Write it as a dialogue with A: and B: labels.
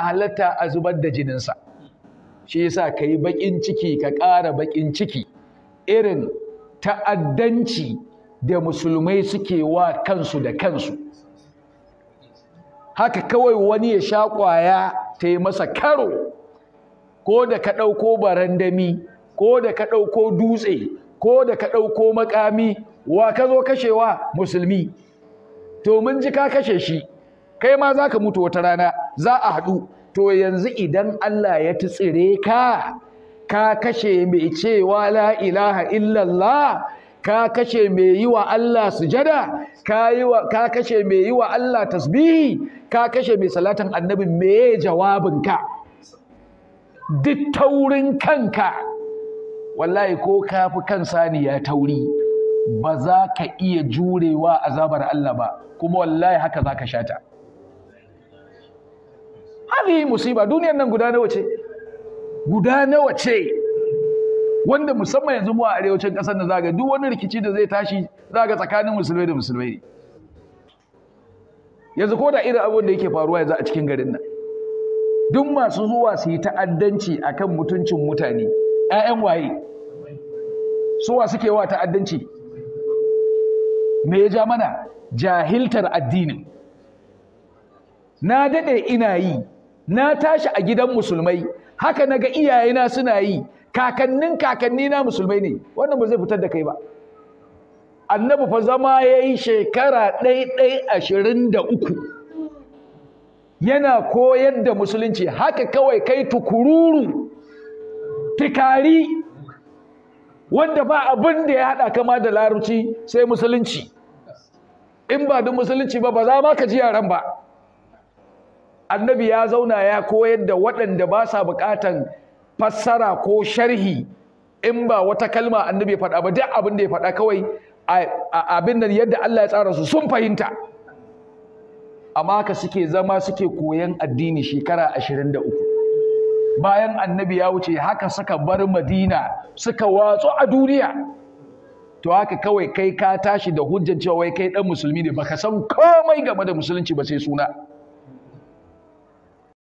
A: halatta a zubar da jininsa shi yasa ka yi baƙin ciki ka ƙara baƙin ciki irin ta'addanci da musulmai suke wa kansu da kansu haka kawai wani ya sha ƙwaya ta yi masa karo ko da ka ɗauko barandami ko da ka ɗauko dutse ko da ka ɗauko makami wa ka zo kashewa musulmi to mun ji ka kashe shi kai ma za ka mutu wata rana za a haɗu to yanzu idan Allah ya tsire ka ka kashe mai cewa la ilaha illallah ka kashe mai yi wa Allah sujada ka kashe mai yi wa Allah tasbihi ka kashe mai salatan annabi me jawabin ka duk taurin kanka wallahi ko ka fi kan saniya tauri ba za ka iya jurewa azabar Allah ba kuma wallahi haka za ka shata yi musiba duniyar nan guda nawa ce guda nawa ce wanda musamman yanzu mu a arewacin kasar da zaga duk wani rikici da zai tashi zaga tsakanin musulmai da musulmai yanzu ko da irin abin da yake faruwa yanzu a cikin garin nan duk masu zuwa su yi ta'addanci kan mutuncin mutane Ya'yan waye suwa suke wa ta'addanci me ya ja mana jahiltar addinin na daɗe ina yi na tashi a gidan musulmai haka na ga iyayena suna yi kakannin kakanni na musulmai ne wannan ba zai fitar da kai ba annabi fa zama yayi shekara ɗaiɗai ashirin da uku yana koyar da musulunci haka kawai kai tukururu tikari wanda ba abin da ya haɗa kama da larabci sai musulunci in ba da musulunci ba ba za ma ka ji yaran ba annabi ya zauna ya koyar da waɗanda ba sa buƙatan fassara ko sharhi in ba wata kalma annabi ya faɗa ba duk abin da ya faɗa kawai abin nan yadda Allah ya tsara su sun fahimta amma haka suke zama suke koyan addini shekara 23 bayan annabi ya wuce haka suka bar madina suka watsu a duniya to haka kawai kai ka tashi da hujjan cewa wai kai dan musulmi ne baka san komai game da musulunci ba sai suna